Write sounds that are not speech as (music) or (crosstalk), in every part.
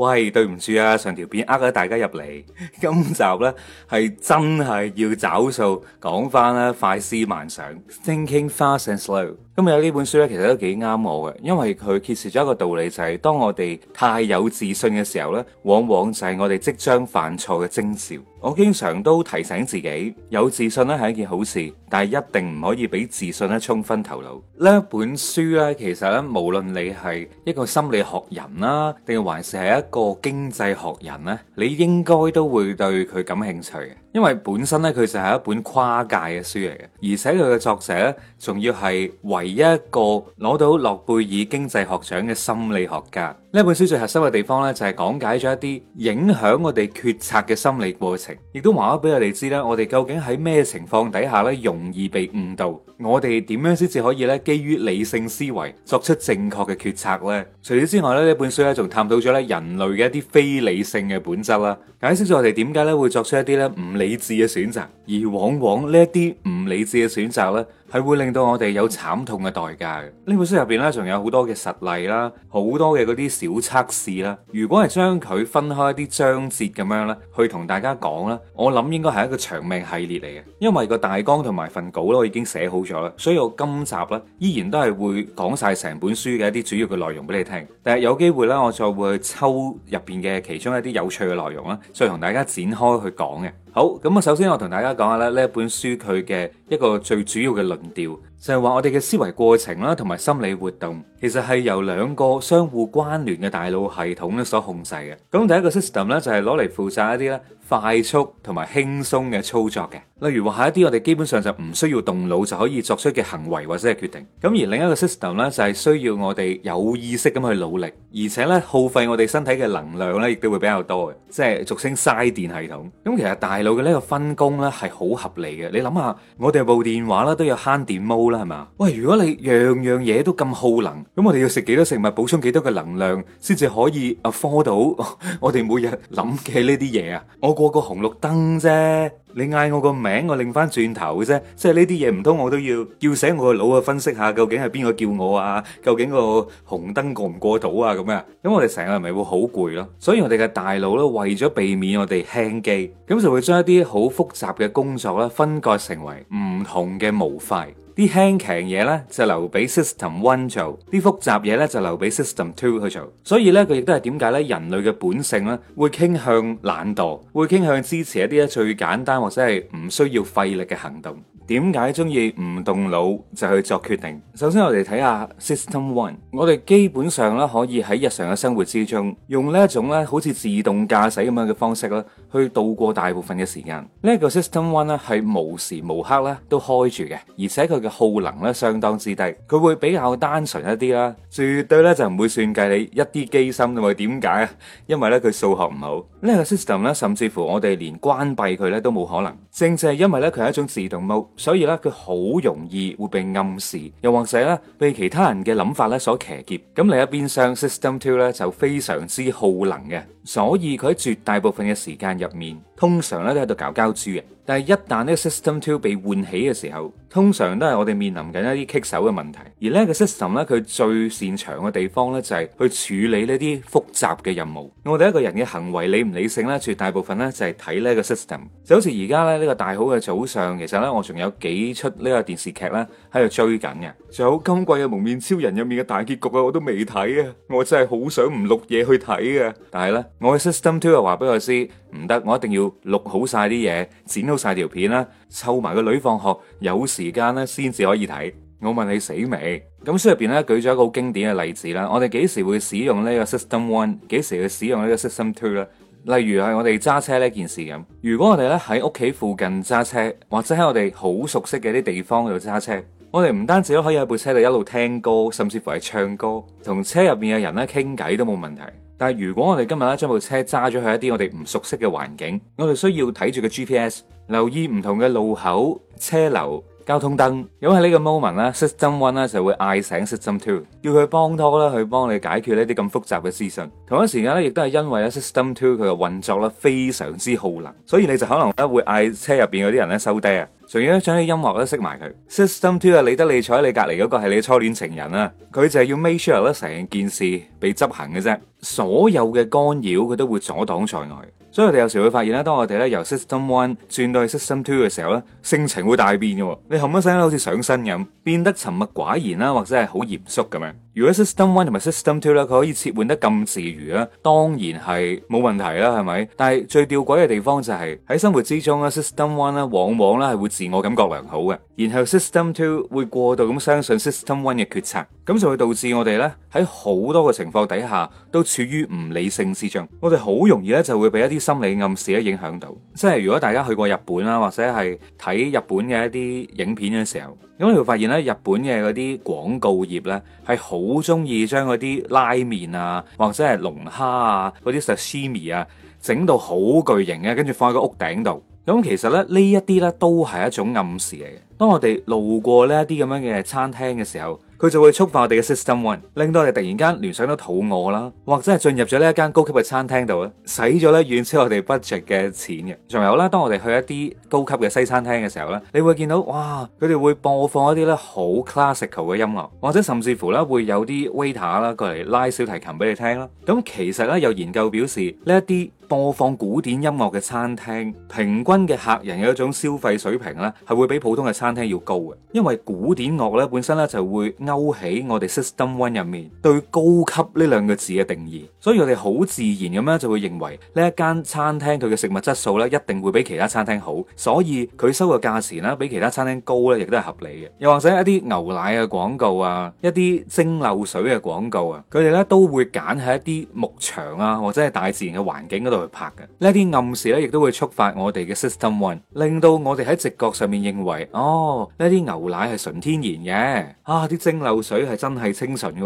喂，對唔住啊，上條片呃咗大家入嚟。今集呢，係真係要找數，講返啦，快思慢想，Thinking Fast and Slow。今日有呢本書咧，其實都幾啱我嘅，因為佢揭示咗一個道理，就是，就係當我哋太有自信嘅時候咧，往往就係我哋即將犯錯嘅徵兆。我經常都提醒自己，有自信咧係一件好事，但係一定唔可以俾自信咧沖昏頭腦。呢一本書咧，其實咧，無論你係一個心理學人啦，定還是係一個經濟學人咧，你應該都會對佢感興趣。因為本身咧佢就係一本跨界嘅書嚟嘅，而且佢嘅作者咧，仲要係唯一一個攞到諾貝爾經濟學獎嘅心理學家。呢本書最核心嘅地方咧，就係講解咗一啲影響我哋決策嘅心理過程，亦都話咗俾我哋知咧，我哋究竟喺咩情況底下咧容易被誤導，我哋點樣先至可以咧基於理性思維作出正確嘅決策咧？除此之外咧，呢本書咧仲探討咗咧人類嘅一啲非理性嘅本質啦，解釋咗我哋點解咧會作出一啲咧唔理智嘅選擇，而往往呢一啲唔理智嘅選擇咧。係會令到我哋有慘痛嘅代價嘅。呢本書入邊呢，仲有好多嘅實例啦，好多嘅嗰啲小測試啦。如果係將佢分開啲章節咁樣呢，去同大家講啦。我諗應該係一個長命系列嚟嘅。因為個大綱同埋份稿都已經寫好咗啦，所以我今集呢，依然都係會講晒成本書嘅一啲主要嘅內容俾你聽。但係有機會呢，我再會抽入邊嘅其中一啲有趣嘅內容啦，再同大家展開去講嘅。好，咁啊，首先我同大家講下咧，呢一本書佢嘅一個最主要嘅論調。就係話我哋嘅思維過程啦、啊，同埋心理活動，其實係由兩個相互關聯嘅大腦系統咧所控制嘅。咁第一個 system 咧就係攞嚟負責一啲咧快速同埋輕鬆嘅操作嘅，例如話下一啲我哋基本上就唔需要動腦就可以作出嘅行為或者係決定。咁而另一個 system 咧就係、是、需要我哋有意識咁去努力，而且咧耗費我哋身體嘅能量咧亦都會比較多嘅，即係俗稱嘥電系統。咁其實大腦嘅呢個分工咧係好合理嘅。你諗下，我哋部電話咧都有慳電毛。啦，係嘛喂？如果你樣樣嘢都咁耗能，咁我哋要食幾多食物，補充幾多嘅能量，先至可以啊？科到我哋每日諗嘅呢啲嘢啊？我過個紅綠燈啫，你嗌我個名，我擰翻轉頭嘅啫。即係呢啲嘢唔通我都要叫醒我個腦去分析下究竟係邊個叫我啊？究竟個紅燈過唔過到啊？咁樣。咁我哋成日咪會好攰咯，所以我哋嘅大腦咧為咗避免我哋 hang 機，咁就會將一啲好複雜嘅工作咧分割成為唔同嘅模塊。啲輕鬆嘢咧就留俾 System One 做，啲複雜嘢咧就留俾 System Two 去做。所以咧，佢亦都係點解咧？人類嘅本性咧，會傾向懶惰，會傾向支持一啲咧最簡單或者係唔需要費力嘅行動。點解中意唔動腦就去作決定？首先我哋睇下 system one，我哋基本上咧可以喺日常嘅生活之中，用呢一種咧好似自動駕駛咁樣嘅方式咧，去度過大部分嘅時間。呢一個 system one 咧係無時無刻咧都開住嘅，而且佢嘅耗能咧相當之低，佢會比較單純一啲啦，絕對咧就唔會算計你一啲機心。同埋點解？因為咧佢數學唔好。呢個 system 咧，甚至乎我哋連關閉佢咧都冇可能。正正係因為咧佢係一種自動模式，所以咧佢好容易會被暗示，又或者咧被其他人嘅諗法咧所騎劫。咁另一邊廂 system two 咧就非常之耗能嘅，所以佢喺絕大部分嘅時間入面，通常咧都喺度搞膠珠嘅，但係一旦呢個 system two 被喚起嘅時候，通常都係我哋面臨緊一啲棘手嘅問題。而呢個 system 咧，佢最擅長嘅地方咧就係去處理呢啲複雜嘅任務。我哋一個人嘅行為理唔理性咧，絕大部分咧就係睇呢個 system。就好似而家咧呢個大好嘅早上，其實咧我仲有幾出呢個電視劇咧喺度追緊嘅。仲有今季嘅《幪面超人》入面嘅大結局啊，我都未睇啊，我真係好想唔錄嘢去睇啊。但係咧，我嘅 system two 又話俾我知，唔得，我一定要。錄好晒啲嘢，剪好晒條片啦，湊埋個女放學有時間咧，先至可以睇。我問你死未？咁書入邊咧舉咗一個好經典嘅例子啦。我哋幾時會使用呢個 system one？幾時去使用呢個 system two 呢？例如係我哋揸車呢件事咁。如果我哋咧喺屋企附近揸車，或者喺我哋好熟悉嘅啲地方度揸車，我哋唔單止可以喺部車度一路聽歌，甚至乎係唱歌同車入邊嘅人咧傾偈都冇問題。但係如果我哋今日咧將部車揸咗去一啲我哋唔熟悉嘅環境，我哋需要睇住個 GPS，留意唔同嘅路口、車流、交通燈。咁喺呢個 moment 咧，system one 咧就會嗌醒 system two，叫佢幫拖咧去幫你解決呢啲咁複雜嘅資訊。同一時間咧，亦都係因為咧 system two 佢嘅運作咧非常之耗能，所以你就可能咧會嗌車入邊嗰啲人咧收低啊。仲要將啲音樂都熄埋佢。System Two 理得你坐喺你隔籬嗰個係你初戀情人啊，佢就係要 make sure 咧成件事被執行嘅啫。所有嘅干擾佢都會阻擋在外。所以我哋有時會發現咧，當我哋咧由 System One 轉到去 System Two 嘅時候咧，性情會大變噶。你冚一聲咧好似上身咁，變得沉默寡言啦，或者係好嚴肅咁樣。如果 System One 同埋 System Two 咧，佢可以切換得咁自如啦，當然係冇問題啦，係咪？但係最吊詭嘅地方就係、是、喺生活之中啊 System One 咧往往咧係會自我感覺良好嘅，然後 System Two 會過度咁相信 System One 嘅決策，咁就會導致我哋咧喺好多嘅情況底下都處於唔理性之中。我哋好容易咧就會俾一啲心理暗示咧影響到，即係如果大家去過日本啦，或者係睇日本嘅一啲影片嘅時候。咁你會發現咧，日本嘅嗰啲廣告業咧，係好中意將嗰啲拉麵啊，或者係龍蝦啊，嗰啲 sashimi 啊，整到好巨型嘅，跟住放喺個屋頂度。咁、嗯、其實咧，呢一啲咧都係一種暗示嚟嘅。當我哋路過呢一啲咁樣嘅餐廳嘅時候。佢就會觸發我哋嘅 system one，令到我哋突然間聯想到肚餓啦，或者係進入咗呢一間高級嘅餐廳度咧，使咗咧遠超我哋 budget 嘅錢嘅。仲有咧，當我哋去一啲高級嘅西餐廳嘅時候咧，你會見到哇，佢哋會播放一啲咧好 classical 嘅音樂，或者甚至乎咧會有啲 waiter 啦過嚟拉小提琴俾你聽啦。咁其實咧有研究表示呢一啲，播放古典音樂嘅餐廳，平均嘅客人嘅一種消費水平咧，係會比普通嘅餐廳要高嘅，因為古典樂咧本身咧就會勾起我哋 system one 入面對高級呢兩個字嘅定義，所以我哋好自然咁樣就會認為呢一間餐廳佢嘅食物質素咧一定會比其他餐廳好，所以佢收嘅價錢咧比其他餐廳高咧亦都係合理嘅。又或者一啲牛奶嘅廣告啊，一啲蒸餾水嘅廣告啊，佢哋咧都會揀喺一啲牧場啊或者係大自然嘅環境嗰度，去拍嘅。呢啲暗示呢，亦都會觸發我哋嘅 system one，令到我哋喺直覺上面認為，哦，呢啲牛奶係純天然嘅，啊，啲蒸餾水係真係清純嘅，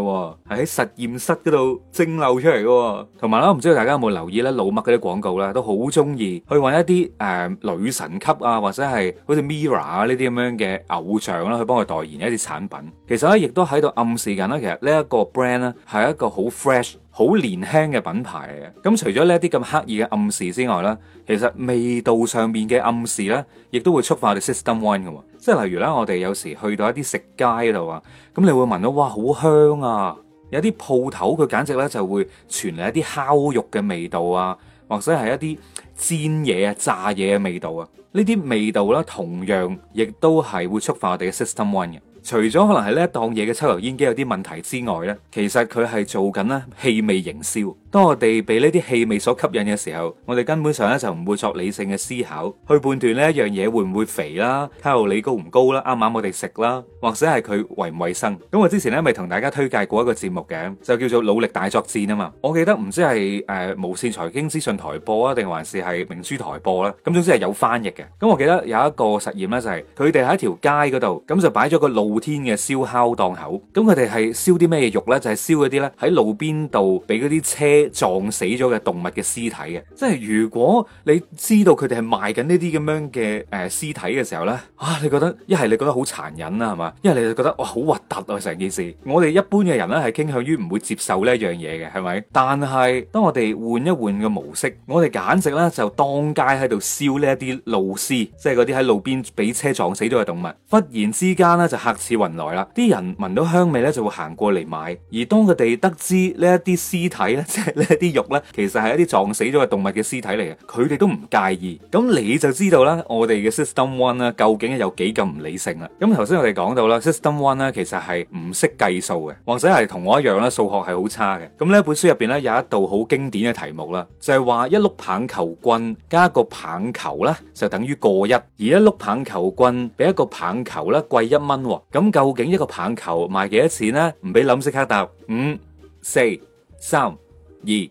係喺實驗室嗰度蒸餾出嚟嘅。同埋啦，唔知道大家有冇留意呢，老麥嗰啲廣告呢，都好中意去搵一啲誒、呃、女神級啊，或者係好似 Mirror 啊呢啲咁樣嘅偶像啦，去幫佢代言一啲產品。其實呢，亦都喺度暗示緊呢，其實呢一個 brand 呢，係一個好 fresh。好年輕嘅品牌嚟嘅，咁除咗呢一啲咁刻意嘅暗示之外呢，其實味道上面嘅暗示呢，亦都會觸發我哋 system one 嘅喎。即係例如呢，我哋有時去到一啲食街度啊，咁你會聞到哇好香啊，有啲鋪頭佢簡直呢就會傳嚟一啲烤肉嘅味道啊，或者係一啲煎嘢啊、炸嘢嘅味道啊，呢啲味道呢，同樣亦都係會觸發我哋嘅 system one 嘅。除咗可能係呢一檔嘢嘅抽油煙機有啲問題之外呢，其實佢係做緊咧氣味營銷。當我哋被呢啲氣味所吸引嘅時候，我哋根本上咧就唔會作理性嘅思考去判斷呢一樣嘢會唔會肥啦、卡路里高唔高啦、啱唔啱我哋食啦，或者係佢衞唔衞生。咁我之前咧咪同大家推介過一個節目嘅，就叫做《努力大作戰》啊嘛。我記得唔知係誒無線財經資訊台播啊，定還是係明珠台播啦。咁總之係有翻譯嘅。咁我記得有一個實驗咧，就係佢哋喺條街嗰度咁就擺咗個露天嘅燒烤檔口。咁佢哋係燒啲咩肉咧？就係燒嗰啲咧喺路邊度俾嗰啲車撞死咗嘅動物嘅屍體嘅，即係如果你知道佢哋係賣緊呢啲咁樣嘅誒屍體嘅時候呢，啊，你覺得一係你覺得好殘忍啦係嘛，一係你就覺得哇好核突啊成件事。我哋一般嘅人呢係傾向於唔會接受呢一樣嘢嘅，係咪？但係當我哋換一換個模式，我哋簡直呢就當街喺度燒呢一啲路屍，即係嗰啲喺路邊俾車撞死咗嘅動物。忽然之間呢就客似雲來啦，啲人聞到香味呢就會行過嚟買，而當佢哋得知呢一啲屍體呢。即係呢啲 (laughs) 肉呢，其實係一啲撞死咗嘅動物嘅屍體嚟嘅，佢哋都唔介意。咁你就知道啦，我哋嘅 System One 咧，究竟有幾咁唔理性啦？咁頭先我哋講到啦，System One 呢，其實係唔識計數嘅，或者係同我一樣啦，數學係好差嘅。咁呢本書入邊呢，有一道好經典嘅題目啦，就係、是、話一碌棒球棍加一個棒球呢，就等於過一，而一碌棒球棍比一個棒球呢，貴一蚊喎、哦。咁究竟一個棒球賣幾多錢呢？唔俾諗即刻答，五、四、三。二一，1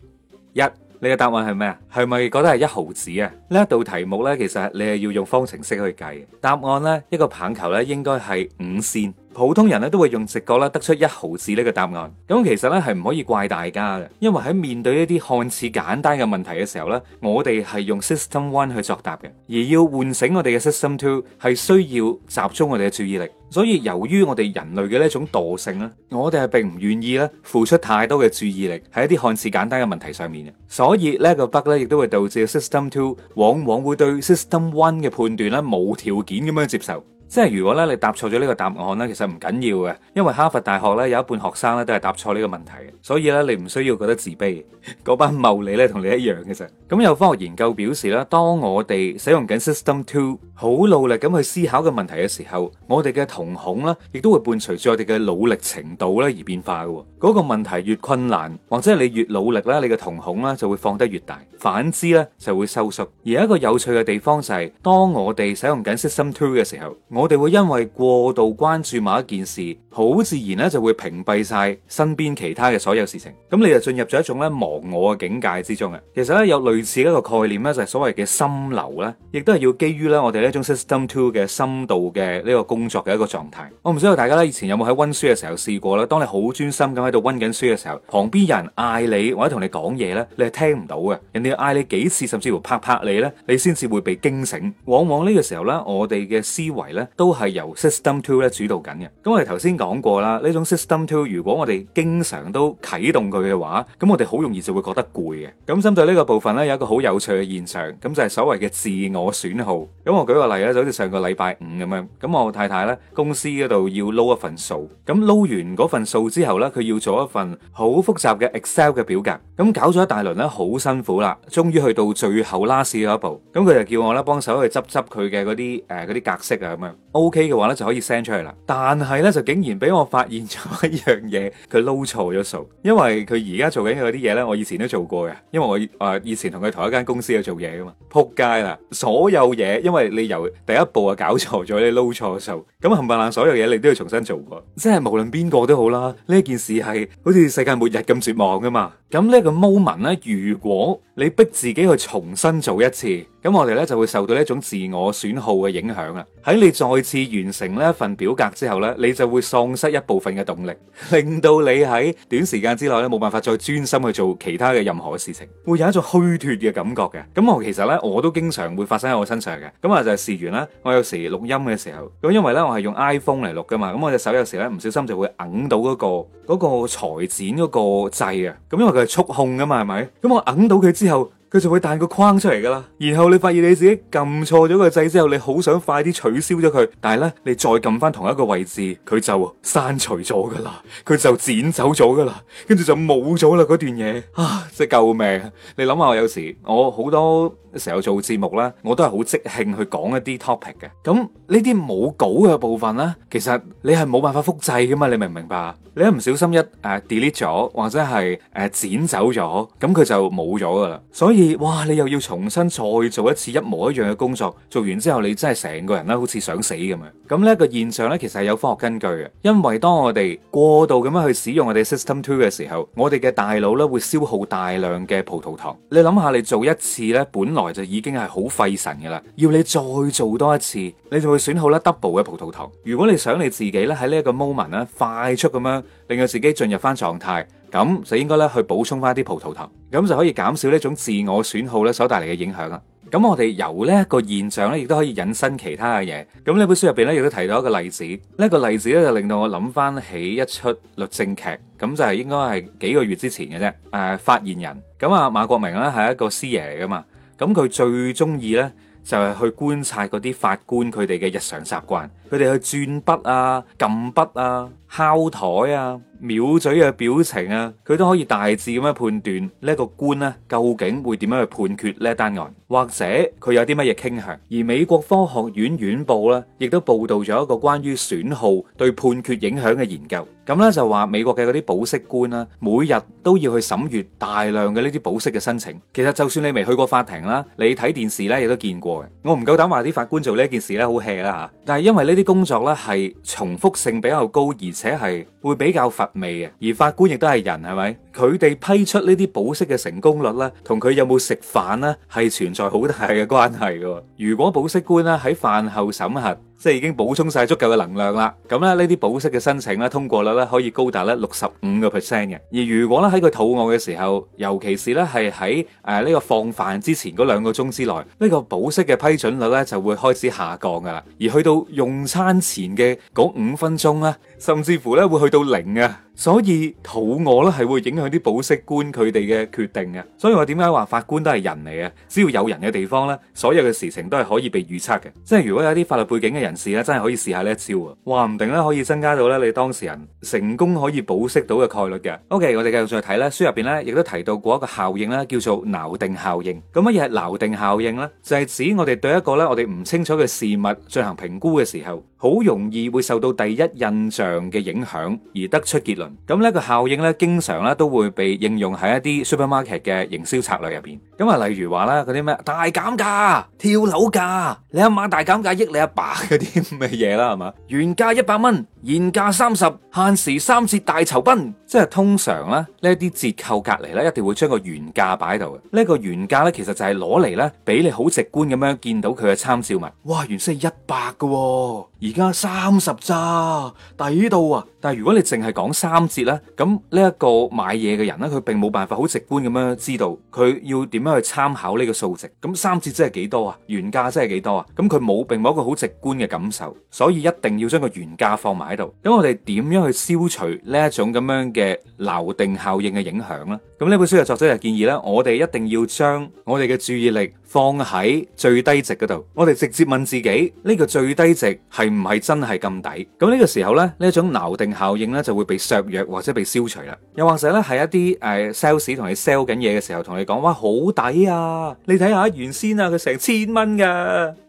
1, 你嘅答案係咩啊？係咪覺得係一毫子啊？呢一道題目呢，其實你係要用方程式去計答案。呢一個棒球呢，應該係五仙。普通人咧都會用直覺咧得出一毫子呢個答案，咁其實呢係唔可以怪大家嘅，因為喺面對一啲看似簡單嘅問題嘅時候呢，我哋係用 system one 去作答嘅，而要喚醒我哋嘅 system two 係需要集中我哋嘅注意力。所以由於我哋人類嘅呢種惰性咧，我哋係並唔願意咧付出太多嘅注意力喺一啲看似簡單嘅問題上面嘅，所以呢個 bug 呢，亦都會導致 system two 往往會對 system one 嘅判斷呢無條件咁樣接受。即係如果咧你答錯咗呢個答案咧，其實唔緊要嘅，因為哈佛大學咧有一半學生咧都係答錯呢個問題，所以咧你唔需要覺得自卑。嗰 (laughs) 班茂利咧同你一樣嘅啫。咁有科學研究表示咧，當我哋使用緊 system two，好努力咁去思考嘅問題嘅時候，我哋嘅瞳孔咧亦都會伴隨住我哋嘅努力程度咧而變化嘅。嗰、那個問題越困難，或者係你越努力咧，你嘅瞳孔咧就會放得越大，反之咧就會收縮。而一個有趣嘅地方就係、是，當我哋使用緊 system two 嘅時候，我我哋會因為過度關注某一件事，好自然咧就會屏蔽晒身邊其他嘅所有事情，咁你就進入咗一種咧忘我嘅境界之中嘅。其實咧有類似一個概念咧，就係所謂嘅心流咧，亦都係要基於咧我哋呢種 system two 嘅深度嘅呢個工作嘅一個狀態。我唔知道大家咧以前有冇喺溫書嘅時候試過咧？當你好專心咁喺度溫緊書嘅時候，旁邊有人嗌你或者同你講嘢咧，你係聽唔到嘅。人哋嗌你幾次，甚至乎拍拍你咧，你先至會被驚醒。往往呢個時候咧，我哋嘅思維咧。都係由 System Two 咧主導緊嘅。咁我哋頭先講過啦，呢種 System Two 如果我哋經常都啟動佢嘅話，咁我哋好容易就會覺得攰嘅。咁針對呢個部分咧，有一個好有趣嘅現象，咁就係所謂嘅自我損耗。咁我舉個例咧，就好似上個禮拜五咁樣。咁我太太咧公司嗰度要撈一份數，咁撈完嗰份數之後咧，佢要做一份好複雜嘅 Excel 嘅表格，咁搞咗一大輪咧，好辛苦啦。終於去到最後 last 嗰一步，咁佢就叫我咧幫手去執執佢嘅嗰啲誒嗰啲格式啊咁樣。O.K. 嘅話咧就可以 send 出去啦，但係呢，就竟然俾我發現咗一樣嘢，佢撈錯咗數，因為佢而家做緊嗰啲嘢呢，我以前都做過嘅，因為我誒、呃、以前同佢同一間公司去做嘢噶嘛，撲街啦！所有嘢，因為你由第一步啊搞錯咗，你撈錯數，咁冚唪唥所有嘢你都要重新做過，即係無論邊個都好啦。呢件事係好似世界末日咁絕望噶嘛？咁呢個 moment 呢，如果你逼自己去重新做一次，咁我哋呢就會受到呢一種自我損耗嘅影響啊！喺你再次完成咧份表格之後咧，你就會喪失一部分嘅動力，令到你喺短時間之內咧冇辦法再專心去做其他嘅任何事情，會有一種虛脱嘅感覺嘅。咁我其實咧我都經常會發生喺我身上嘅，咁啊就係事完啦。我有時錄音嘅時候，咁因為咧我係用 iPhone 嚟錄噶嘛，咁我隻手有時咧唔小心就會揞到嗰個嗰個裁剪嗰個掣啊。咁因為佢係觸控噶嘛，係咪？咁我揞到佢之後。佢就會彈個框出嚟噶啦，然後你發現你自己撳錯咗個掣之後，你好想快啲取消咗佢，但係呢，你再撳翻同一個位置，佢就刪除咗噶啦，佢就剪走咗噶啦，跟住就冇咗啦嗰段嘢啊！即係救命！你諗下，我有時我好多成日做節目啦，我都係好即興去講一啲 topic 嘅，咁呢啲冇稿嘅部分呢，其實你係冇辦法複製噶嘛，你明唔明白？你一唔小心一誒、呃、delete 咗或者係誒、呃、剪走咗，咁、嗯、佢就冇咗噶啦，所以。哇！你又要重新再做一次一模一樣嘅工作，做完之後你真係成個人咧，好似想死咁樣！咁呢一個現象咧，其實係有科學根據嘅。因為當我哋過度咁樣去使用我哋 system two 嘅時候，我哋嘅大腦咧會消耗大量嘅葡萄糖。你諗下，你做一次呢，本來就已經係好費神噶啦，要你再做多一次，你就會損耗啦 double 嘅葡萄糖。如果你想你自己咧喺呢一個 moment 咧快速咁樣令到自己進入翻狀態。咁就應該咧去補充翻啲葡萄糖，咁就可以減少呢種自我損耗咧所帶嚟嘅影響啊！咁我哋由呢一個現象咧，亦都可以引申其他嘅嘢。咁呢本書入邊咧，亦都提到一個例子，呢一個例子咧就令到我諗翻起一出律政劇，咁就係應該係幾個月之前嘅啫。誒、呃，發言人，咁啊馬國明啦係一個師爺嚟噶嘛，咁佢最中意咧就係、是、去觀察嗰啲法官佢哋嘅日常習慣。佢哋去轉筆啊、撳筆啊、敲檯啊、瞄嘴嘅表情啊，佢都可以大致咁樣判斷呢一個官咧究竟會點樣去判決呢一單案，或者佢有啲乜嘢傾向。而美國科學院院報咧亦都報道咗一個關於損耗對判決影響嘅研究。咁咧就話美國嘅嗰啲保釋官咧，每日都要去審閱大量嘅呢啲保釋嘅申請。其實就算你未去過法庭啦，你睇電視咧亦都見過嘅。我唔夠膽話啲法官做呢一件事咧好 hea 啦吓，但係因為呢啲。工作咧係重複性比較高，而且係會比較乏味嘅。而法官亦都係人，係咪？佢哋批出呢啲保釋嘅成功率咧，同佢有冇食飯咧，係存在好大嘅關係。如果保釋官咧喺飯後審核。即係已經補充晒足夠嘅能量啦，咁咧呢啲保釋嘅申請咧通過率咧可以高達咧六十五個 percent 嘅，而如果咧喺佢肚餓嘅時候，尤其是咧係喺誒呢個放飯之前嗰兩個鐘之內，呢個保釋嘅批准率咧就會開始下降噶啦，而去到用餐前嘅嗰五分鐘咧。甚至乎咧會去到零啊，所以肚餓咧係會影響啲保釋官佢哋嘅決定嘅。所以我點解話法官都係人嚟啊？只要有人嘅地方呢，所有嘅事情都係可以被預測嘅。即係如果有啲法律背景嘅人士咧，真係可以試下呢一招啊！話唔定咧可以增加到咧你當事人成功可以保釋到嘅概率嘅。OK，我哋繼續再睇呢。書入邊呢亦都提到過一個效應啦，叫做錨定效應。咁乜嘢係錨定效應呢？就係指我哋對一個呢我哋唔清楚嘅事物進行評估嘅時候，好容易會受到第一印象嘅影響而得出結論，咁呢個效應咧，經常咧都會被應用喺一啲 supermarket 嘅營銷策略入邊。咁啊，例如話啦，嗰啲咩大減價、跳樓價、你一晚大減價益你一爸嗰啲咁嘅嘢啦，係嘛？原價一百蚊。現價三十，限時三折大酬賓，即係通常啦。呢啲折扣隔離呢，一定會將個原價擺喺度嘅。呢個原價呢，其實就係攞嚟呢，俾你好直觀咁樣見到佢嘅參照物。哇，原先係一百㗎喎，而家三十咋，抵到啊！但係如果你淨係講三折咧，咁呢一個買嘢嘅人咧，佢並冇辦法好直觀咁樣知道佢要點樣去參考呢個數值。咁三折即係幾多啊？原價即係幾多啊？咁佢冇並冇一個好直觀嘅感受，所以一定要將個原價放埋喺度。咁我哋點樣去消除呢一種咁樣嘅錨定效應嘅影響呢？咁呢本書嘅作者就建議呢：「我哋一定要將我哋嘅注意力放喺最低值嗰度，我哋直接問自己呢個最低值係唔係真係咁抵？咁呢個時候呢，呢一種錨定效應咧就會被削弱或者被消除啦，又或者咧係一啲誒 sales 同你 sell 緊嘢嘅時候，同你講哇好抵啊！你睇下原先啊佢成千蚊㗎，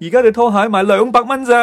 而家對拖鞋賣兩百蚊咋，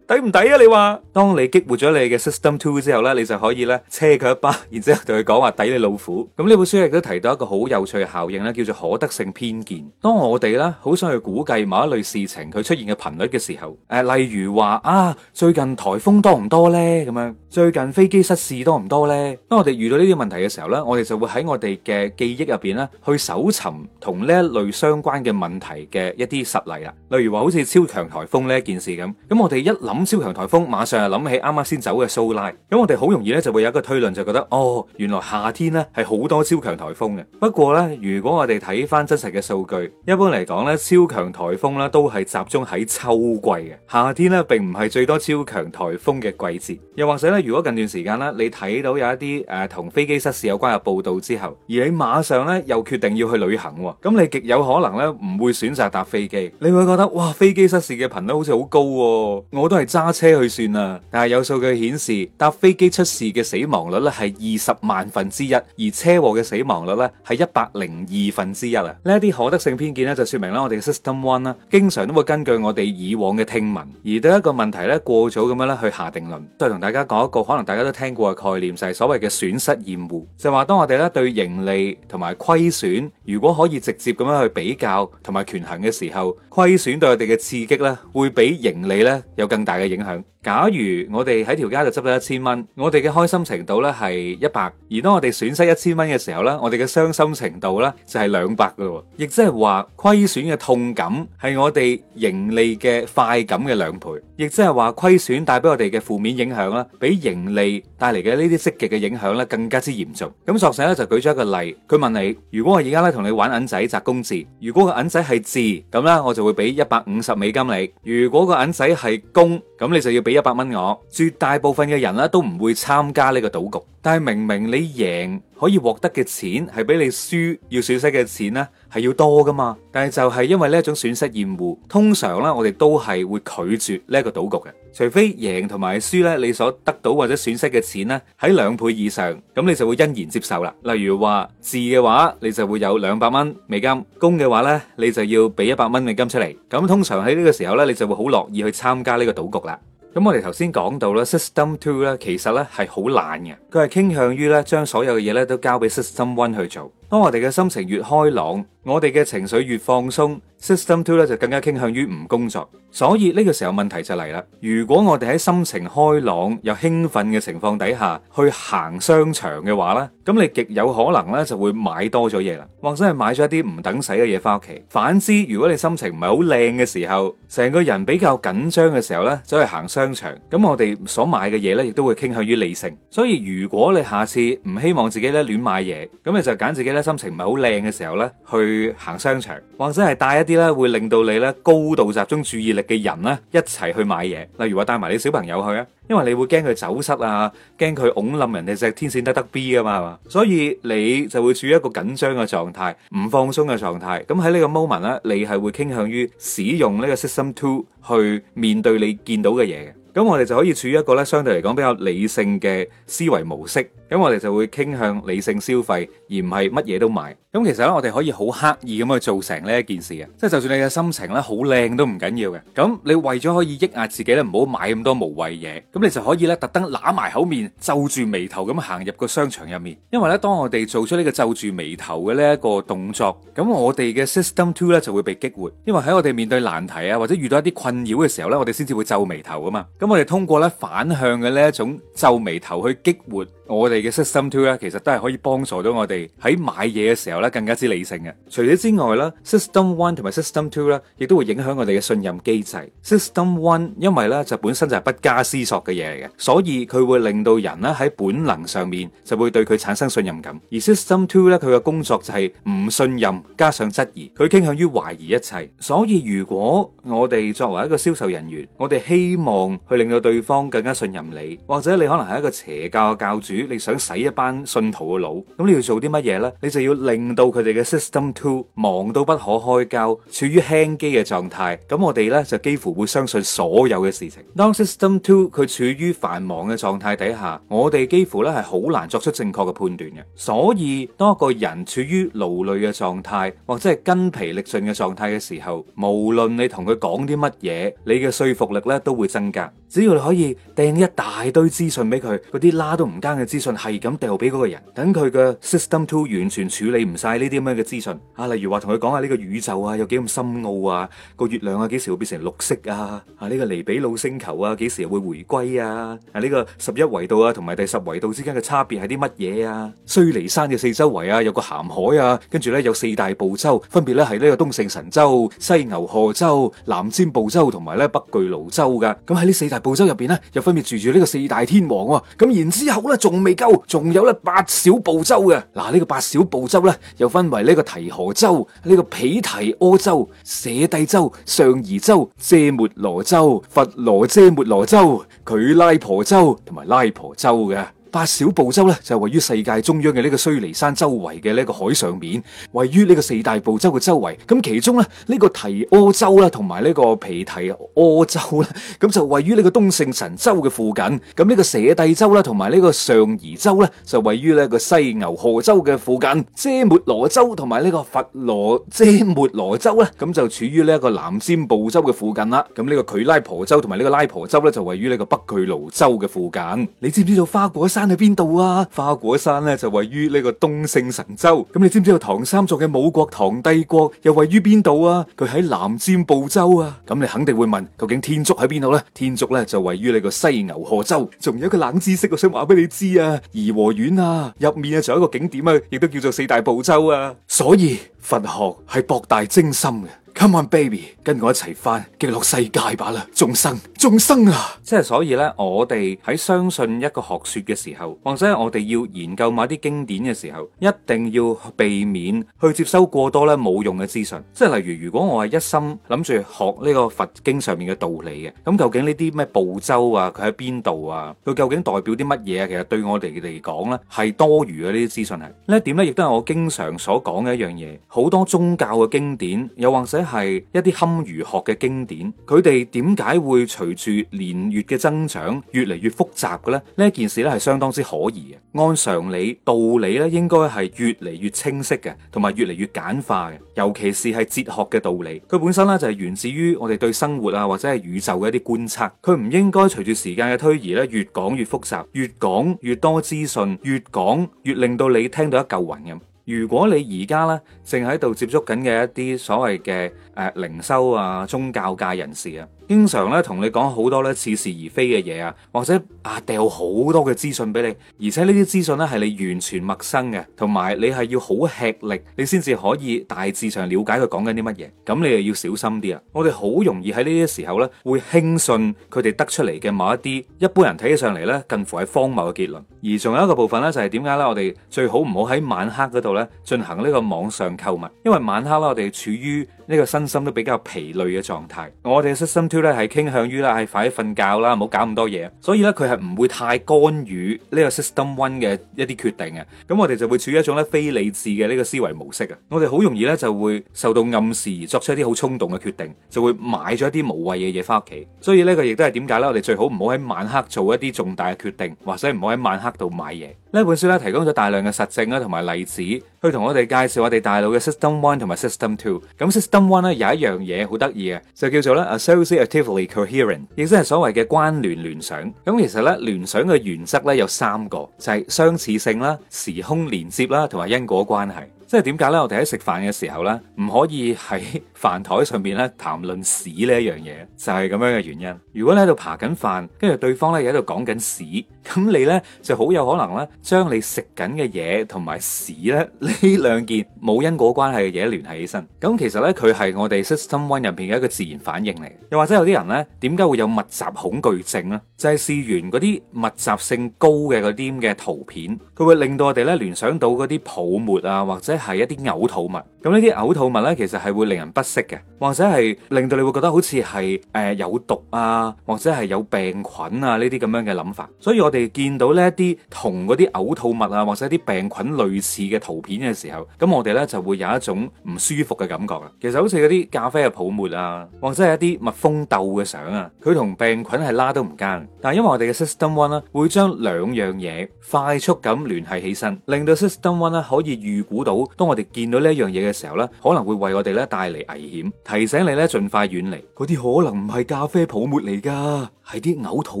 抵唔抵啊？你話，當你激活咗你嘅 system two 之後咧，你就可以咧車佢一巴，然之後同佢講話抵你老虎。咁呢本書亦都提到一個好有趣嘅效應咧，叫做可得性偏見。當我哋咧好想去估計某一類事情佢出現嘅頻率嘅時候，誒例如話啊最近颱風多唔多咧咁樣，最近飛。飛機失事多唔多呢？當我哋遇到呢啲問題嘅時候呢，我哋就會喺我哋嘅記憶入邊呢，去搜尋同呢一類相關嘅問題嘅一啲實例啦。例如話好似超強颱風呢一件事咁，咁我哋一諗超強颱風，馬上就諗起啱啱先走嘅蘇拉。咁我哋好容易呢就會有一個推論，就覺得哦，原來夏天呢係好多超強颱風嘅。不過呢，如果我哋睇翻真實嘅數據，一般嚟講呢，超強颱風呢都係集中喺秋季嘅，夏天呢並唔係最多超強颱風嘅季節。又或者呢，如果近段。時間啦，你睇到有一啲誒、呃、同飛機失事有關嘅報道之後，而你馬上咧又決定要去旅行，啊，咁你極有可能咧唔會選擇搭飛機，你會覺得哇飛機失事嘅頻率好似好高，啊，我都係揸車去算啦，啊。但係有數據顯示，搭飛機出事嘅死亡率咧係二十萬分之一，而車禍嘅死亡率咧係一百零二分之一啊。呢一啲可得性偏見咧就說明啦，我哋嘅 system one 啦，經常都會根據我哋以往嘅聽聞，而對一個問題咧過早咁樣咧去下定論。再同大家講一個，可能大家。都聽過嘅概念就係所謂嘅損失厭惡，就話當我哋咧對盈利同埋虧損，如果可以直接咁樣去比較同埋權衡嘅時候，虧損對我哋嘅刺激咧，會比盈利咧有更大嘅影響。假如我哋喺條街度執咗一千蚊，我哋嘅開心程度咧係一百，而當我哋損失一千蚊嘅時候咧，我哋嘅傷心程度咧就係兩百嘅。亦即係話虧損嘅痛感係我哋盈利嘅快感嘅兩倍，亦即係話虧損帶俾我哋嘅負面影響啦，比盈利帶嚟嘅呢啲積極嘅影響咧更加之嚴重。咁索性咧就舉咗一個例，佢問你：如果我而家咧同你玩銀仔擇公字，如果個銀仔係字，咁咧我就會俾一百五十美金你；如果個銀仔係公，咁你就要俾俾一百蚊我，絕大部分嘅人咧都唔會參加呢個賭局。但係明明你贏可以獲得嘅錢係比你輸要損失嘅錢咧係要多噶嘛？但係就係因為呢一種損失厭惡，通常咧我哋都係會拒絕呢一個賭局嘅，除非贏同埋輸咧你所得到或者損失嘅錢咧喺兩倍以上，咁你就會欣然接受啦。例如話字嘅話，你就會有兩百蚊美金；公嘅話咧，你就要俾一百蚊美金出嚟。咁通常喺呢個時候咧，你就會好樂意去參加呢個賭局啦。咁我哋頭先講到啦 system two 咧，其實咧係好懶嘅，佢係傾向於咧將所有嘅嘢咧都交俾 system one 去做。當我哋嘅心情越開朗，我哋嘅情緒越放鬆，system two 咧就更加傾向於唔工作。所以呢個時候問題就嚟啦。如果我哋喺心情開朗又興奮嘅情況底下，去行商場嘅話咧，咁你極有可能咧就會買多咗嘢啦，或者係買咗一啲唔等使嘅嘢翻屋企。反之，如果你心情唔係好靚嘅時候，成個人比較緊張嘅時候咧，走去行商場，咁我哋所買嘅嘢咧，亦都會傾向於理性。所以如果你下次唔希望自己咧亂買嘢，咁你就揀自己咧。心情唔係好靚嘅時候咧，去行商場，或者係帶一啲咧會令到你咧高度集中注意力嘅人咧一齊去買嘢，例如話帶埋你小朋友去啊，因為你會驚佢走失啊，驚佢㧬冧人哋隻天線得得 B 啊嘛，係嘛，所以你就會處於一個緊張嘅狀態，唔放鬆嘅狀態。咁喺呢個 moment 咧，你係會傾向於使用呢個 system two 去面對你見到嘅嘢嘅。咁我哋就可以處於一個咧相對嚟講比較理性嘅思維模式，咁我哋就會傾向理性消費，而唔係乜嘢都買。咁其實咧，我哋可以好刻意咁去做成呢一件事嘅，即係就算你嘅心情咧好靚都唔緊要嘅。咁你為咗可以抑壓自己咧，唔好買咁多無謂嘢，咁你就可以咧特登揦埋口面，皺住眉頭咁行入個商場入面。因為咧，當我哋做出呢個皺住眉頭嘅呢一個動作，咁我哋嘅 System Two 咧就會被激活。因為喺我哋面對難題啊，或者遇到一啲困擾嘅時候咧，我哋先至會皺眉頭啊嘛。咁我哋通過咧反向嘅呢一種皺眉頭去激活。我哋嘅 system two 咧，其實都係可以幫助到我哋喺買嘢嘅時候咧，更加之理性嘅。除此之外咧，system one 同埋 system two 咧，亦都會影響我哋嘅信任機制。system one 因為咧就本身就係不加思索嘅嘢嚟嘅，所以佢會令到人咧喺本能上面就會對佢產生信任感。而 system two 咧，佢嘅工作就係唔信任加上質疑，佢傾向於懷疑一切。所以如果我哋作為一個銷售人員，我哋希望去令到對方更加信任你，或者你可能係一個邪教嘅教主。你想洗一班信徒嘅腦，咁你要做啲乜嘢呢？你就要令到佢哋嘅 system two 忙到不可開交，處於輕機嘅狀態。咁我哋呢就幾乎會相信所有嘅事情。當 system two 佢處於繁忙嘅狀態底下，我哋幾乎呢係好難作出正確嘅判斷嘅。所以當一個人處於勞累嘅狀態，或者係筋疲力盡嘅狀態嘅時候，無論你同佢講啲乜嘢，你嘅說服力呢都會增加。只要你可以掟一大堆資訊俾佢，嗰啲拉都唔跟。資訊係咁掉俾嗰個人，等佢嘅 system two 完全處理唔晒呢啲咁樣嘅資訊啊！例如話同佢講下呢個宇宙啊，有幾咁深奧啊，個月亮啊幾時會變成綠色啊？啊呢個尼比魯星球啊，幾時又會回歸啊？啊呢個十一維度啊，同埋第十維度之間嘅差別係啲乜嘢啊？須彌山嘅四周圍啊，有個咸海啊，跟住呢，有四大部洲，分別呢係呢個東勝神洲、西牛賀洲、南瞻部洲同埋咧北俱盧洲噶。咁喺呢四大部洲入邊呢，又分別住住呢個四大天王喎、啊。咁然之後咧，仲未夠，仲有咧八小部洲嘅。嗱，呢、這個八小部洲咧，又分為呢個提河洲、呢、這個毗提柯洲、舍帝洲、上夷洲、遮末羅洲、佛羅遮末羅洲、佢拉婆洲同埋拉婆洲嘅。八小部洲咧就是，位於世界中央嘅呢個須彌山周圍嘅呢個海上面，位於呢個四大部洲嘅周圍。咁其中咧呢、這個提阿洲啦，同埋呢個毗提阿洲啦，咁、嗯、就位於呢個東勝神洲嘅附近。咁呢個舍帝洲啦，同埋呢個上夷洲咧，就位於呢個西牛賀洲嘅附近。遮末羅洲同埋呢個佛羅遮末羅洲咧，咁、嗯、就處於呢一個南瞻部洲嘅附近啦。咁呢個俱拉婆洲同埋呢個拉婆洲咧，就位於呢個北俱盧洲嘅附近。你知唔知道花果山？喺邊度啊？花果山咧，就位於呢個東勝神洲。咁你知唔知道唐三藏嘅母國唐帝國又位於邊度啊？佢喺南瞻部洲啊。咁你肯定會問，究竟天竺喺邊度呢？天竺咧，就位於呢個西牛賀洲。仲有一個冷知識，我想話俾你知啊。頤和園啊，入面啊，仲有一個景點啊，亦都叫做四大部洲啊。所以佛學係博大精深嘅。Come on, baby，跟我一齊翻極樂世界吧眾眾啦！眾生，眾生啊！即係所以呢，我哋喺相信一個學說嘅時候，或者我哋要研究某啲經典嘅時候，一定要避免去接收過多呢冇用嘅資訊。即係例如，如果我係一心諗住學呢個佛經上面嘅道理嘅，咁究竟呢啲咩步驟啊，佢喺邊度啊，佢究竟代表啲乜嘢啊？其實對我哋嚟講呢，係多餘嘅呢啲資訊係。呢一點呢，亦都係我經常所講嘅一樣嘢。好多宗教嘅經典，又或者。係一啲堪輿學嘅經典，佢哋點解會隨住年月嘅增長越嚟越複雜嘅咧？呢件事咧係相當之可疑嘅。按常理道理咧，應該係越嚟越清晰嘅，同埋越嚟越簡化嘅。尤其是係哲學嘅道理，佢本身咧就係、是、源自於我哋對生活啊或者係宇宙嘅一啲觀測，佢唔應該隨住時間嘅推移咧越講越複雜，越講越多資訊，越講越令到你聽到一嚿雲咁。如果你而家咧，正喺度接觸緊嘅一啲所謂嘅誒靈修啊，宗教界人士啊，經常咧同你講好多咧似是而非嘅嘢啊，或者啊掉好多嘅資訊俾你，而且呢啲資訊咧係你完全陌生嘅，同埋你係要好吃力，你先至可以大致上了解佢講緊啲乜嘢。咁你又要小心啲啊！我哋好容易喺呢啲時候咧會輕信佢哋得出嚟嘅某一啲一般人睇起上嚟咧近乎係荒謬嘅結論。而仲有一個部分咧就係點解咧，我哋最好唔好喺晚黑嗰度咧進行呢個網上購物，因為晚黑啦我哋處於。呢個身心都比較疲累嘅狀態，我哋嘅 system two 咧係傾向於咧係快啲瞓覺啦，唔好搞咁多嘢，所以咧佢係唔會太干預呢個 system one 嘅一啲決定嘅，咁我哋就會處於一種咧非理智嘅呢個思維模式啊，我哋好容易咧就會受到暗示而作出一啲好衝動嘅決定，就會買咗一啲無謂嘅嘢翻屋企，所以呢個亦都係點解呢？我哋最好唔好喺晚黑做一啲重大嘅決定，或者唔好喺晚黑度買嘢。呢本書咧提供咗大量嘅實證啦，同埋例子，去同我哋介紹我哋大腦嘅 system one 同埋 system two。咁 system one 咧有一樣嘢好得意嘅，就叫做咧 associatively coherent，亦即係所謂嘅關聯聯想。咁其實咧聯想嘅原則咧有三個，就係相似性啦、時空連接啦，同埋因果關係。即係點解咧？我哋喺食飯嘅時候咧，唔可以喺飯枱上面咧談論屎呢一樣嘢，就係咁樣嘅原因。如果你喺度爬緊飯，跟住對方咧又喺度講緊屎，咁你咧就好有可能咧將你食緊嘅嘢同埋屎咧呢兩件冇因果關係嘅嘢聯繫起身。咁其實咧，佢係我哋 system one 入邊嘅一個自然反應嚟。又或者有啲人咧，點解會有密集恐懼症咧？就係試完嗰啲密集性高嘅嗰啲嘅圖片，佢會令到我哋咧聯想到嗰啲泡沫啊，或者，係一啲嘔吐物，咁呢啲嘔吐物呢，其實係會令人不適嘅，或者係令到你會覺得好似係誒有毒啊，或者係有病菌啊呢啲咁樣嘅諗法。所以我哋見到呢一啲同嗰啲嘔吐物啊，或者係啲病菌類似嘅圖片嘅時候，咁我哋呢就會有一種唔舒服嘅感覺啦。其實好似嗰啲咖啡嘅泡沫啊，或者係一啲蜜蜂竇嘅相啊，佢同病菌係拉都唔埋。但係因為我哋嘅 system one 呢，會將兩樣嘢快速咁聯繫起身，令到 system one 呢可以預估到。當我哋見到呢一樣嘢嘅時候咧，可能會為我哋咧帶嚟危險，提醒你咧盡快遠離。嗰啲可能唔係咖啡泡沫嚟噶，係啲嘔吐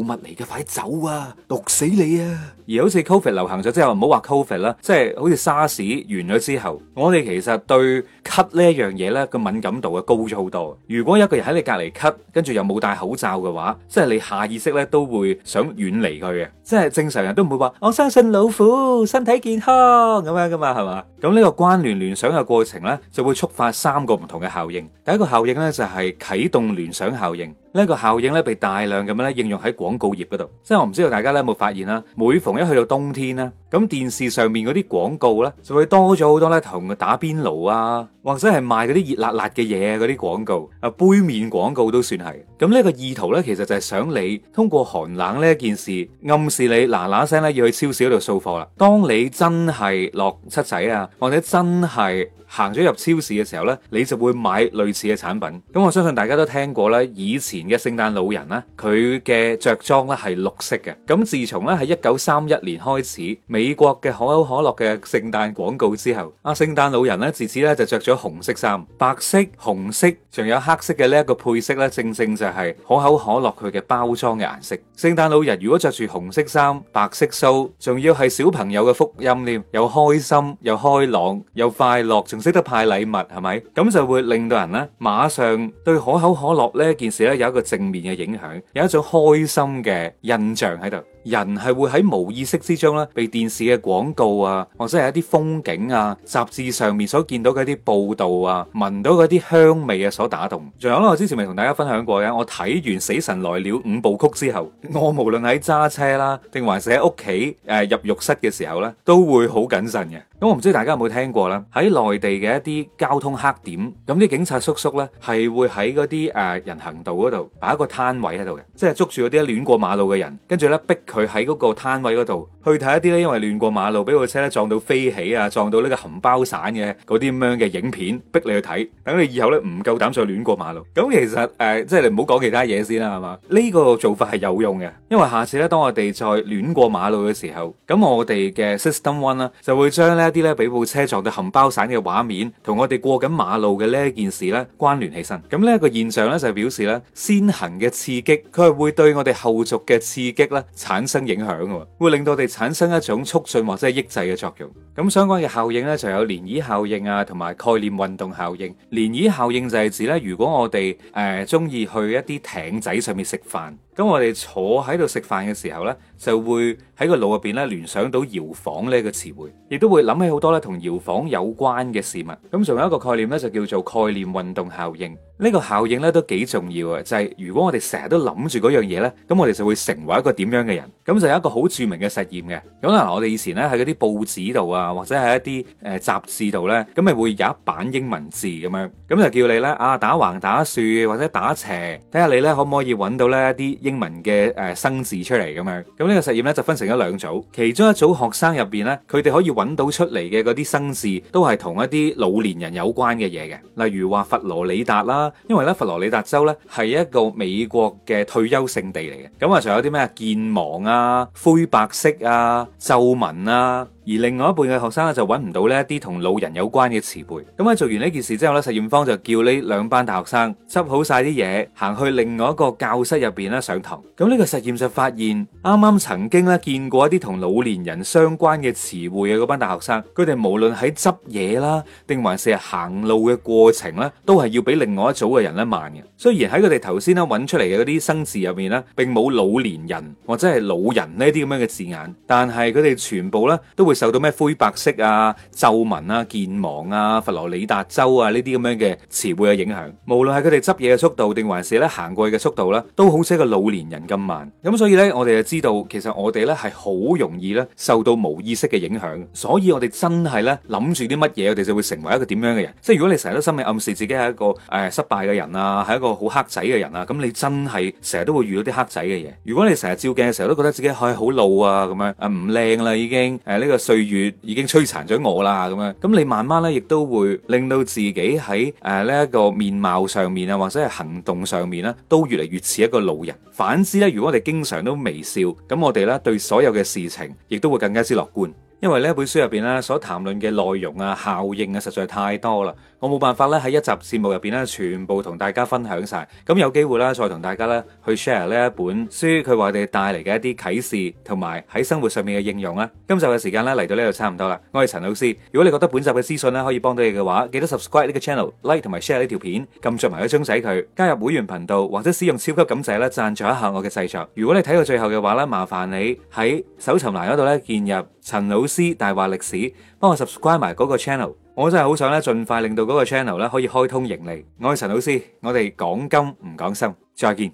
物嚟噶，快走啊！毒死你啊！而好似 Covid 流行咗之後，唔好話 Covid 啦，即係好似 SARS 完咗之後，我哋其實對咳呢一樣嘢呢個敏感度係高咗好多。如果有個人喺你隔離咳，跟住又冇戴口罩嘅話，即係你下意識呢都會想遠離佢嘅。即係正常人都唔會話，我相信老虎身體健康咁樣噶嘛，係嘛？咁呢個關聯聯想嘅過程呢，就會觸發三個唔同嘅效應。第一個效應呢，就係啟動聯想效應。呢一個效應咧，被大量咁樣咧應用喺廣告業嗰度。即係我唔知道大家咧有冇發現啦，每逢一去到冬天咧，咁電視上面嗰啲廣告呢，就會多咗好多呢同打邊爐啊，或者係賣嗰啲熱辣辣嘅嘢嗰啲廣告啊，杯麵廣告都算係。咁呢一個意圖呢，其實就係想你通過寒冷呢一件事，暗示你嗱嗱聲呢要去超市嗰度掃貨啦。當你真係落七仔啊，或者真係，行咗入超市嘅時候呢，你就會買類似嘅產品。咁我相信大家都聽過咧，以前嘅聖誕老人呢，佢嘅着裝呢係綠色嘅。咁自從咧喺一九三一年開始，美國嘅可口可樂嘅聖誕廣告之後，阿聖誕老人呢自此呢就着咗紅色衫、白色、紅色，仲有黑色嘅呢一個配色呢，正正就係可口可樂佢嘅包裝嘅顏色。聖誕老人如果着住紅色衫、白色鬚，仲要係小朋友嘅福音添，又開心又開朗又快樂，唔識得派禮物係咪？咁就會令到人咧，馬上對可口可樂呢一件事咧有一個正面嘅影響，有一種開心嘅印象喺度。人係會喺無意識之中咧，被電視嘅廣告啊，或者係一啲風景啊、雜誌上面所見到嘅一啲報導啊、聞到嘅一啲香味啊所打動。仲有咧，我之前咪同大家分享過嘅，我睇完《死神來了》五部曲之後，我無論喺揸車啦，定還是喺屋企誒入浴室嘅時候咧，都會好謹慎嘅。咁我唔知大家有冇聽過啦？喺內地嘅一啲交通黑點，咁啲警察叔叔咧係會喺嗰啲誒人行道嗰度擺一個攤位喺度嘅，即係捉住嗰啲亂過馬路嘅人，跟住咧逼佢喺嗰個攤位嗰度去睇一啲咧，因為亂過馬路俾部車咧撞到飛起啊，撞到呢個含包散嘅嗰啲咁樣嘅影片，逼你去睇，等你以後咧唔夠膽再亂過馬路。咁其實誒、呃，即係你唔好講其他嘢先啦，係嘛？呢個做法係有用嘅，因為下次咧，當我哋再亂過馬路嘅時候，咁我哋嘅 system one 啦，就會將呢一啲咧俾部車撞到含包散嘅畫面，同我哋過緊馬路嘅呢一件事咧關聯起身。咁呢一個現象咧就係表示咧，先行嘅刺激佢係會對我哋後續嘅刺激咧產生影響，會令到我哋產生一種促進或者係抑制嘅作用。咁相關嘅效應咧，就有漣漪效應啊，同埋概念運動效應。漣漪效應就係指咧，如果我哋誒中意去一啲艇仔上面食飯。咁我哋坐喺度食飯嘅時候呢，就會喺個腦入邊咧聯想到搖晃呢一個詞彙，亦都會諗起好多咧同搖晃有關嘅事物。咁仲有一個概念呢，就叫做概念運動效應。呢個效應呢，都幾重要嘅，就係如果我哋成日都諗住嗰樣嘢呢，咁我哋就會成為一個點樣嘅人。咁就有一個好著名嘅實驗嘅。咁啦，嗱，我哋以前呢，喺嗰啲報紙度啊，或者係一啲誒雜誌度呢，咁咪會有一版英文字咁樣，咁就叫你呢，啊打橫打豎或者打斜，睇下你呢，可唔可以揾到呢一啲。英文嘅誒、呃、生字出嚟咁樣，咁呢個實驗咧就分成咗兩組，其中一組學生入邊咧，佢哋可以揾到出嚟嘅嗰啲生字都係同一啲老年人有關嘅嘢嘅，例如話佛羅里達啦，因為咧佛羅里達州咧係一個美國嘅退休聖地嚟嘅，咁啊，仲有啲咩健忘啊、灰白色啊、皺紋啊。而另外一半嘅學生咧就揾唔到呢一啲同老人有關嘅詞彙。咁、嗯、喺做完呢件事之後呢，實驗方就叫呢兩班大學生執好晒啲嘢，行去另外一個教室入邊咧上堂。咁、嗯、呢、呢個實驗就發現，啱啱曾經咧見過一啲同老年人相關嘅詞彙嘅嗰班大學生，佢哋無論喺執嘢啦，定還是係行路嘅過程咧，都係要比另外一組嘅人咧慢嘅。雖然喺佢哋頭先揾出嚟嘅嗰啲生字入面咧並冇老年人或者係老人呢啲咁樣嘅字眼，但係佢哋全部咧都會，受到咩灰白色啊、皺紋啊、健忘啊、佛羅里達州啊呢啲咁樣嘅詞彙嘅影響，無論係佢哋執嘢嘅速度，定還是咧行過去嘅速度咧，都好似一個老年人咁慢。咁所以咧，我哋就知道其實我哋咧係好容易咧受到無意識嘅影響，所以我哋真係咧諗住啲乜嘢，我哋就會成為一個點樣嘅人。即係如果你成日都心理暗示自己係一個誒、欸、失敗嘅人啊，係一個好黑仔嘅人啊，咁你真係成日都會遇到啲黑仔嘅嘢。如果你成日照鏡嘅時候都覺得自己係好、哎、老啊咁樣啊唔靚啦已經誒呢、啊這個。歲月已經摧殘咗我啦，咁樣咁你慢慢咧，亦都會令到自己喺誒呢一個面貌上面啊，或者係行動上面咧，都越嚟越似一個老人。反之咧，如果我哋經常都微笑，咁我哋咧對所有嘅事情，亦都會更加之樂觀。因為呢本書入邊咧所談論嘅內容啊效應啊實在太多啦，我冇辦法咧喺一集節目入邊咧全部同大家分享晒。咁有機會咧再同大家咧去 share 呢一本書佢話哋帶嚟嘅一啲啟示同埋喺生活上面嘅應用咧。今集嘅時間咧嚟到呢度差唔多啦。我係陳老師，如果你覺得本集嘅資訊咧可以幫到你嘅話，記得 subscribe 呢個 channel、like 同埋 share 呢條片，撳着埋個鐘仔佢，加入會員頻道或者使用超級感謝咧贊助一下我嘅製作。如果你睇到最後嘅話咧，麻煩你喺搜尋欄嗰度咧鍵入。陳老師大話歷史，幫我 subscribe 埋嗰個 channel，我真係好想咧盡快令到嗰個 channel 咧可以開通盈利。我係陳老師，我哋講金唔講心，再見。